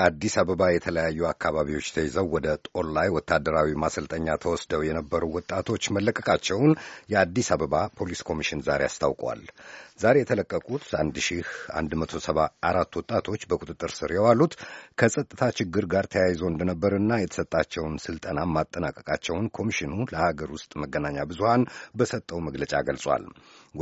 ከአዲስ አበባ የተለያዩ አካባቢዎች ተይዘው ወደ ጦር ላይ ወታደራዊ ማሰልጠኛ ተወስደው የነበሩ ወጣቶች መለቀቃቸውን የአዲስ አበባ ፖሊስ ኮሚሽን ዛሬ አስታውቋል። ዛሬ የተለቀቁት 1174 ወጣቶች በቁጥጥር ስር የዋሉት ከጸጥታ ችግር ጋር ተያይዞ እንደነበርና የተሰጣቸውን ስልጠና ማጠናቀቃቸውን ኮሚሽኑ ለሀገር ውስጥ መገናኛ ብዙሃን በሰጠው መግለጫ ገልጿል።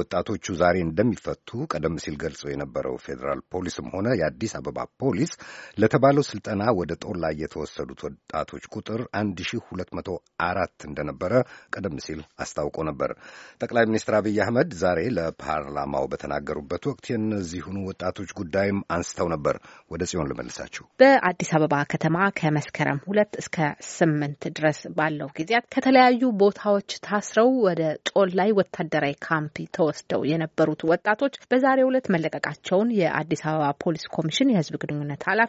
ወጣቶቹ ዛሬ እንደሚፈቱ ቀደም ሲል ገልጾ የነበረው ፌዴራል ፖሊስም ሆነ የአዲስ አበባ ፖሊስ ለተባ በተባለው ስልጠና ወደ ጦር ላይ የተወሰዱት ወጣቶች ቁጥር 1204 እንደነበረ ቀደም ሲል አስታውቆ ነበር። ጠቅላይ ሚኒስትር አብይ አህመድ ዛሬ ለፓርላማው በተናገሩበት ወቅት የእነዚሁኑ ወጣቶች ጉዳይም አንስተው ነበር። ወደ ጽዮን ልመልሳችሁ። በአዲስ አበባ ከተማ ከመስከረም ሁለት እስከ ስምንት ድረስ ባለው ጊዜያት ከተለያዩ ቦታዎች ታስረው ወደ ጦር ላይ ወታደራዊ ካምፕ ተወስደው የነበሩት ወጣቶች በዛሬው ዕለት መለቀቃቸውን የአዲስ አበባ ፖሊስ ኮሚሽን የህዝብ ግንኙነት ኃላፊ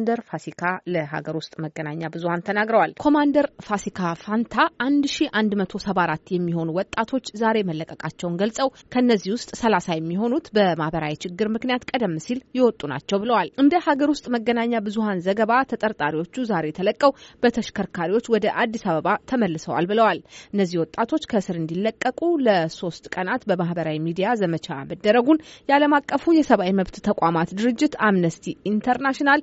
ኮማንደር ፋሲካ ለሀገር ውስጥ መገናኛ ብዙሀን ተናግረዋል። ኮማንደር ፋሲካ ፋንታ 1174 የሚሆኑ ወጣቶች ዛሬ መለቀቃቸውን ገልጸው ከእነዚህ ውስጥ 30 የሚሆኑት በማህበራዊ ችግር ምክንያት ቀደም ሲል የወጡ ናቸው ብለዋል። እንደ ሀገር ውስጥ መገናኛ ብዙሀን ዘገባ ተጠርጣሪዎቹ ዛሬ ተለቀው በተሽከርካሪዎች ወደ አዲስ አበባ ተመልሰዋል ብለዋል። እነዚህ ወጣቶች ከእስር እንዲለቀቁ ለሶስት ቀናት በማህበራዊ ሚዲያ ዘመቻ መደረጉን የዓለም አቀፉ የሰብአዊ መብት ተቋማት ድርጅት አምነስቲ ኢንተርናሽናል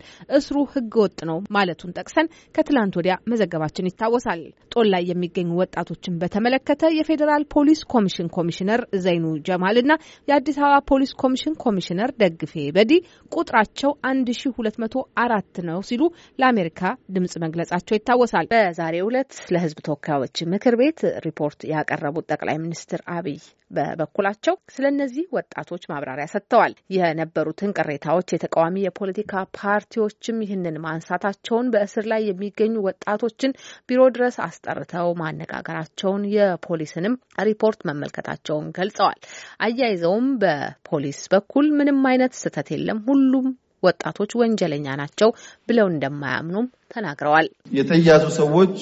እስሩ ህገወጥ ነው ማለቱን ጠቅሰን ከትላንት ወዲያ መዘገባችን ይታወሳል። ጦል ላይ የሚገኙ ወጣቶችን በተመለከተ የፌዴራል ፖሊስ ኮሚሽን ኮሚሽነር ዘይኑ ጀማል እና የአዲስ አበባ ፖሊስ ኮሚሽን ኮሚሽነር ደግፌ በዲ ቁጥራቸው 1204 ነው ሲሉ ለአሜሪካ ድምጽ መግለጻቸው ይታወሳል። በዛሬው ዕለት ለህዝብ ተወካዮች ምክር ቤት ሪፖርት ያቀረቡት ጠቅላይ ሚኒስትር አብይ በበኩላቸው ስለ እነዚህ ወጣቶች ማብራሪያ ሰጥተዋል። የነበሩትን ቅሬታዎች የተቃዋሚ የፖለቲካ ፓርቲዎችም ሌሎችም ይህንን ማንሳታቸውን፣ በእስር ላይ የሚገኙ ወጣቶችን ቢሮ ድረስ አስጠርተው ማነጋገራቸውን፣ የፖሊስንም ሪፖርት መመልከታቸውን ገልጸዋል። አያይዘውም በፖሊስ በኩል ምንም አይነት ስህተት የለም፣ ሁሉም ወጣቶች ወንጀለኛ ናቸው ብለው እንደማያምኑም ተናግረዋል። የተያዙ ሰዎች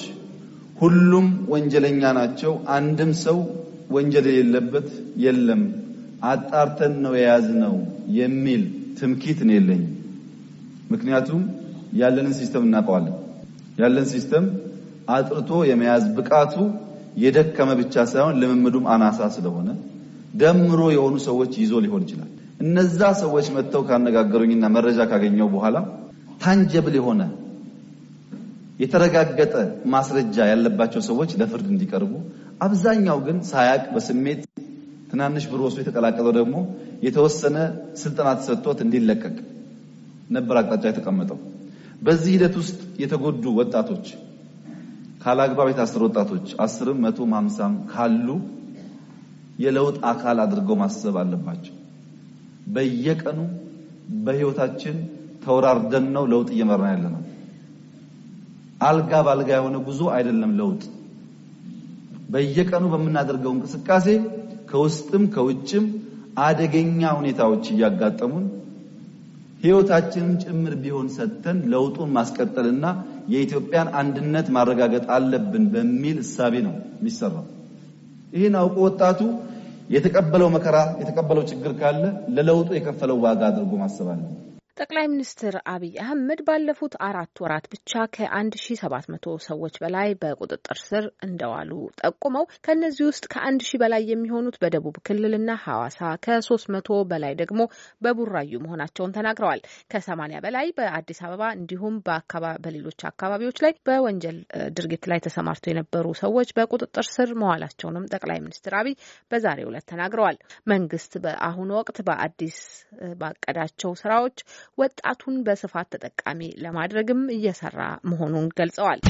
ሁሉም ወንጀለኛ ናቸው፣ አንድም ሰው ወንጀል የሌለበት የለም፣ አጣርተን ነው የያዝነው የሚል ትምኪት ነው የለኝም። ምክንያቱም ያለንን ሲስተም እናውቀዋለን። ያለን ሲስተም አጥርቶ የመያዝ ብቃቱ የደከመ ብቻ ሳይሆን ልምምዱም አናሳ ስለሆነ ደምሮ የሆኑ ሰዎች ይዞ ሊሆን ይችላል። እነዛ ሰዎች መጥተው ካነጋገሩኝና መረጃ ካገኘው በኋላ ታንጀብል የሆነ የተረጋገጠ ማስረጃ ያለባቸው ሰዎች ለፍርድ እንዲቀርቡ፣ አብዛኛው ግን ሳያቅ በስሜት ትናንሽ ብር ወስዶ የተቀላቀለው ደግሞ የተወሰነ ስልጠና ተሰጥቶት እንዲለቀቅ ነበር አቅጣጫ የተቀመጠው። በዚህ ሂደት ውስጥ የተጎዱ ወጣቶች ካላግባብ የታሰሩ ወጣቶች አስርም መቶም ሃምሳም ካሉ የለውጥ አካል አድርገው ማሰብ አለባቸው። በየቀኑ በህይወታችን ተወራርደን ነው ለውጥ እየመራን ያለ ነው። አልጋ ባልጋ የሆነ ጉዞ አይደለም ለውጥ። በየቀኑ በምናደርገው እንቅስቃሴ ከውስጥም ከውጭም አደገኛ ሁኔታዎች እያጋጠሙን ህይወታችንን ጭምር ቢሆን ሰጥተን ለውጡን ማስቀጠልና የኢትዮጵያን አንድነት ማረጋገጥ አለብን በሚል እሳቤ ነው የሚሰራው። ይህን አውቆ ወጣቱ የተቀበለው መከራ የተቀበለው ችግር ካለ ለለውጡ የከፈለው ዋጋ አድርጎ ማሰብ ጠቅላይ ሚኒስትር አብይ አህመድ ባለፉት አራት ወራት ብቻ ከ1700 ሰዎች በላይ በቁጥጥር ስር እንደዋሉ ጠቁመው ከእነዚህ ውስጥ ከ1000 በላይ የሚሆኑት በደቡብ ክልልና ሐዋሳ ከ300 በላይ ደግሞ በቡራዩ መሆናቸውን ተናግረዋል። ከ80 በላይ በአዲስ አበባ እንዲሁም በሌሎች አካባቢዎች ላይ በወንጀል ድርጊት ላይ ተሰማርተው የነበሩ ሰዎች በቁጥጥር ስር መዋላቸውንም ጠቅላይ ሚኒስትር አብይ በዛሬው ዕለት ተናግረዋል። መንግስት በአሁኑ ወቅት በአዲስ ባቀዳቸው ስራዎች ወጣቱን በስፋት ተጠቃሚ ለማድረግም እየሰራ መሆኑን ገልጸዋል።